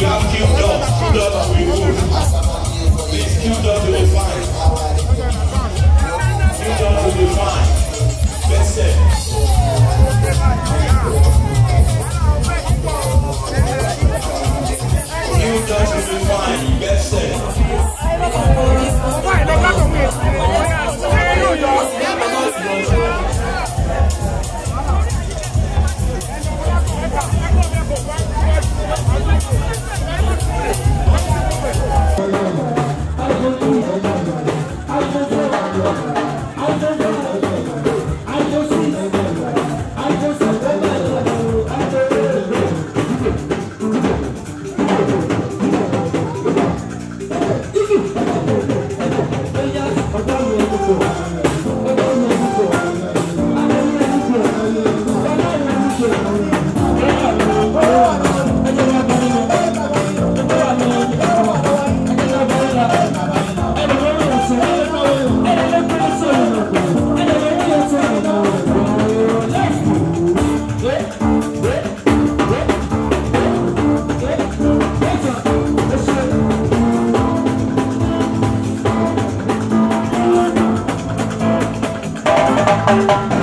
We have killed dogs, killed dogs we would. Please kill dogs will be fine. Kill dogs will be fine. That's it. Kill dogs will be fine. That's it. Thank you.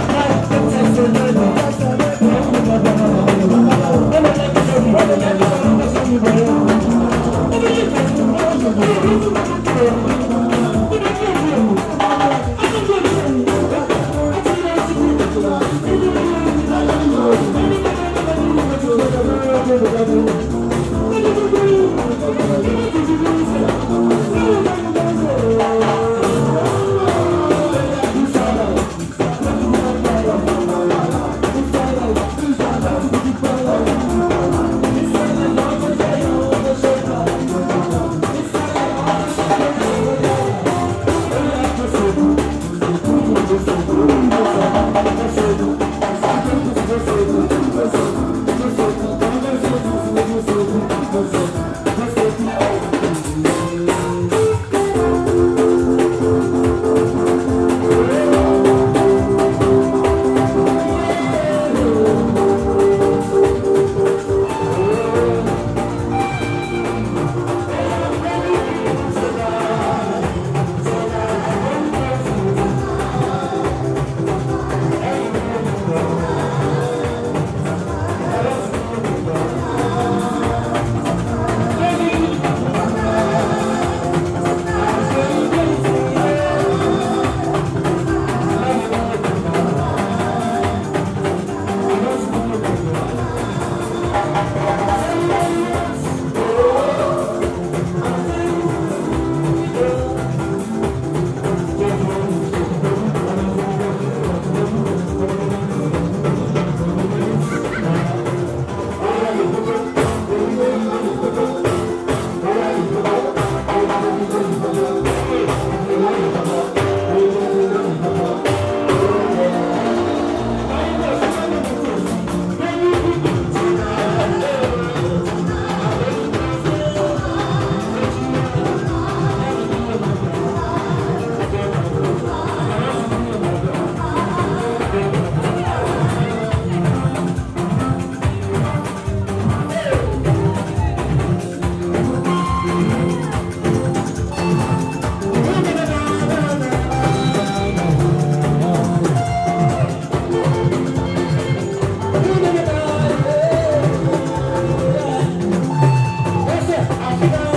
Thank you.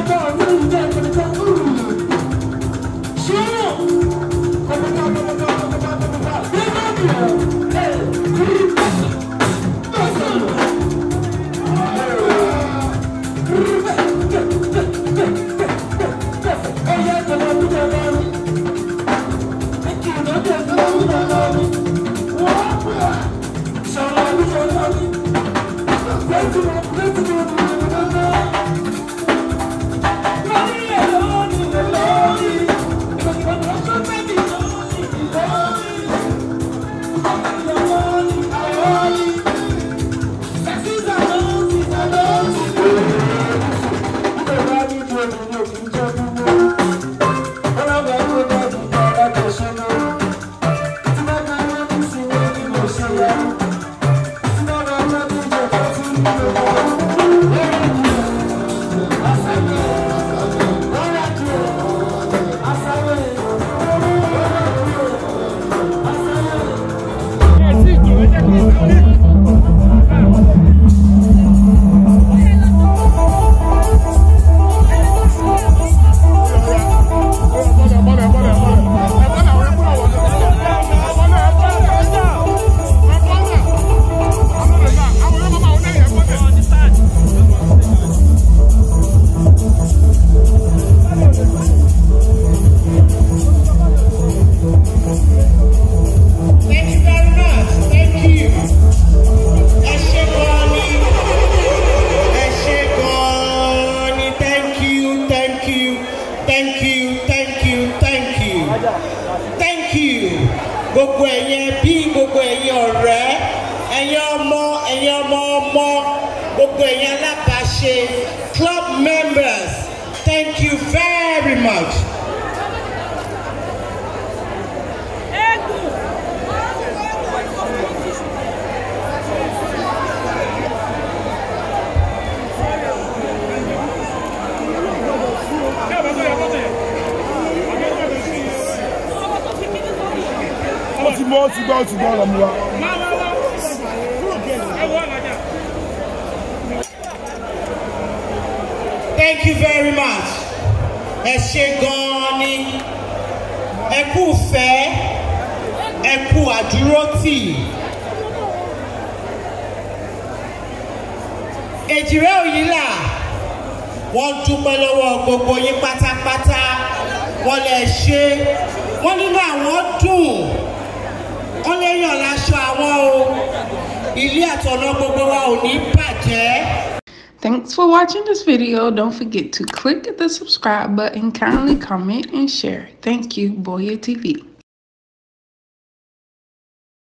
Let's go, let's go. you thank you thank you thank you gbogbo ẹ̀yin ẹbí gbogbo ẹ̀yin ọ̀rẹ́ ẹ̀yin ọmọ ẹ̀yin ọmọ ọmọ gbogbo ẹ̀yin alábàáṣe club members thank you very much. ó ti gbọ́ wa. Thank you very much. Ẹ ṣe gan-an ni. Ẹ kú fẹ́. Ẹ kú àdúrótì. Èjìrẹ́ Òyìnlá wọ́n dúpẹ́ lọ́wọ́ gbogbo yín pátápátá wọ́n lè ṣe wọ́n nínú àwọn dùn. awon àtọ̀nà gbogbo wa ò ní bàjẹ́. Thanks for watching this video. Don't forget to click the subscribe button, kindly comment, and share. Thank you, Boya TV.